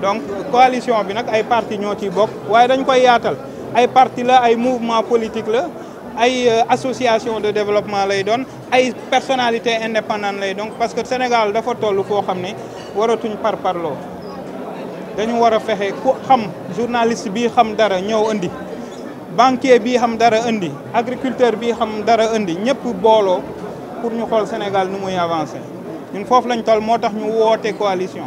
donc coalition bi nag ay parti ñoo ciy bokk waaye dañ koy yaatal ay parti la ay mouvement politique la ay euh, association de développement lay doon ay personnalité indépendante lay donc parce que Sénégal dafa tollu foo xamné waratuñ par parlo dañu wara fexé fexe ku xam journaliste bi xam dara ñëw indi banquier bi xam dara indi agriculteur bi xam dara indi ñëpp bolo pour ñu xol Sénégal nu muy avancer ñun foofu lañ toll motax ñu woote coalition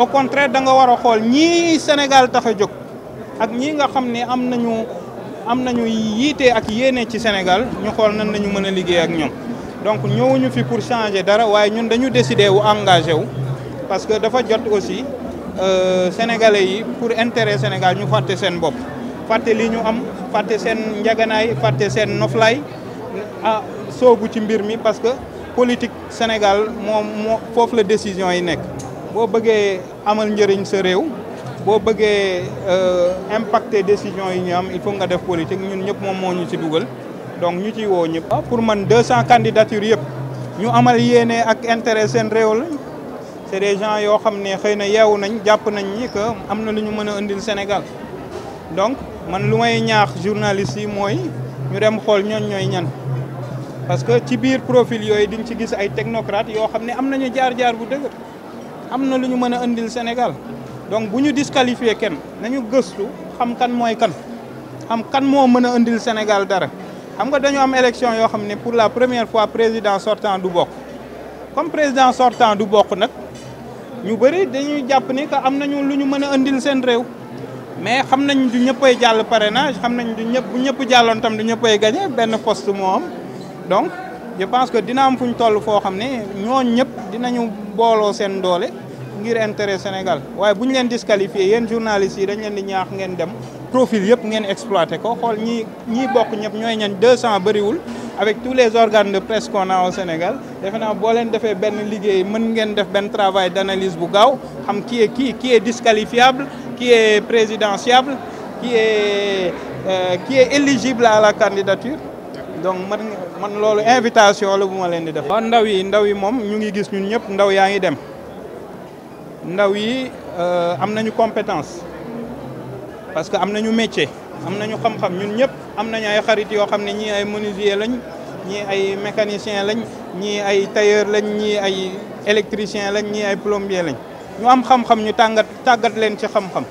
au contraire da nga war a Sénégal tax a ak ñii nga xamné amnañu amnañu yité ak yéné ci Sénégal ñu xol nan nañu mëna liggéey ak ñom donc ñëwuñu fi pour changer dara waye ñun dañu décider wu engagé wu parce que dafa jot aussi euh, sénégalais yi pour intérêt Sénégal ñu faté sen bop faté li ñu am faté Sen, njaganaay faté sen noflay ah soobu ci mbir mi parce que politique Sénégal mom fofu la décision yi nek bo bëggee amal njëriñ sa réew bo boo euh impacter décision yi ñu am il faut nga def politique ñun ñëpp moom moñu ci duggal donc ñu ci wo ñëpp. Ah, pour man 200 candidatures yëpp ñu amal yéné ak intérêt sen réew la c' des gens yo xamné xeyna xëy nañ japp nañ ni que amna na lu ñu mën a Sénégal donc man lu may ñaax journaliste yi moy ñu dem xol ñoñ ñoy ñan. parce que ci biir profil yoy diñ ci gis ay technocrate yo xamné ne am jaar-jaar bu dëgër. am na lu ñu mën a indil Sénégal donc bu ñu disqualifier kenn nañu gëstu xam kan mooy kan xam kan moo mën a indil Sénégal dara xam nga dañu am élection yoo xam ne pour la première fois président sortant du bokk comme président sortant du bokk nag ñu bëri dañuy jàpp ni que am nañu lu ñu mën a indil seen réew mais xam nañ du ñëppay jàll parrainage xam nañ du ñëpp ñëpp jàlloon tam du ñëppay gagné benn poste moo am donc je pense que dina am fuñ ñu fo xamné ñoo ne ñëpp dinañu bolo sen doole ngir intérêt Sénégal waye bu ñu leen disqualifié yéen journalistes yi dañ leen di ñaax ngeen dem profil yep ngeen exploiter. ko xol ñi ñi bokk ñëpp ñoy ñan 200 wul avec tous les organes de presse qu'on a au Sénégal defena bo boo leen ben benn liggéey mën ngeen def ben travail d'analyse bu gaaw xam qui est qui qui est disqualifiable qui est présidentiable qui est euh, qui est éligible à la candidature. donc man man loolu invitation la bu leen di def. waaw ndaw yi ndaw yi moom ñu ngi gis ñun ñëpp ndaw yaa ngi dem ndaw yi euh, am nañu compétence parce que am nañu métier am nañu xam-xam ñun ñëpp am nañu ay xarit yoo xam ne ñii ay menuisier lañ ñii ay mécanicien lañ ñii ay tailleur lañ ñi ay électricien lañ ñii ay plombier lañ ñu am xam-xam ñu tàngat tàggat leen ci xam-xam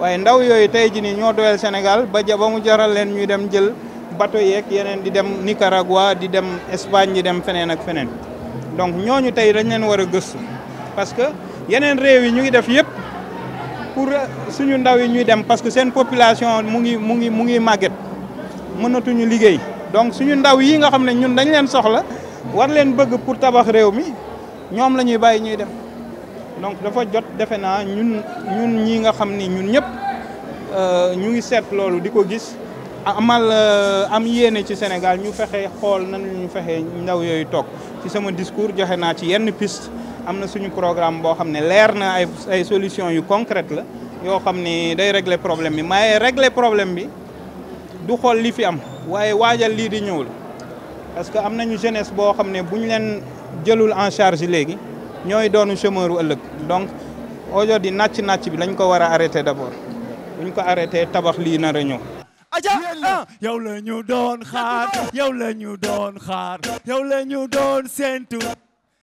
waaye ndaw yooyu tey jii ñoo doyal Sénégal ba ja mu jaral leen ñuy dem jël. bateau yeeg yenen di dem Nicaragua di dem Espagne di dem fenen ak fenen donc ñoñu tay dañ leen wara geustu parce que yenen réew yi ñu ngi def yépp pour suñu ndaw yi ñuy dem parce que sen population mu ngi mu ngi mu ngi màgget mënatuñu liggéey donc suñu ndaw yi nga xam ñun dañ leen soxla war leen bëgg pour tabax réew mi ñom lañuy bayyi ñuy dem donc dafa jot defe naa ñun ñun ñi nga xam ñun ñëpp euh ñu ngi sét lolu diko gis amal euh, am yéene ci Sénégal ñu fexe xool nan ñu fexe ndaw yooyu toog ci sama discours joxe naa ci yenn piste am na suñu programme boo xam ne leer na ay ay solution yu concrete la yoo xam ne day régler problème bi maaye régler problème bi du xool li fi am waaye waajal lii di ñëwul parce que am nañu jeunesse boo xam ne bu ñu leen jëlul en charge léegi ñooy doonu chômeur u ëllëg donc aujourd'hui nàcc nàcc bi lañ ko war a arrêté d'abord buñ ko arrêté tabax lii nar a ñëw aja yow ah. la ñu doon xaar yow la ñu doon xaar yow la ñu doon séentu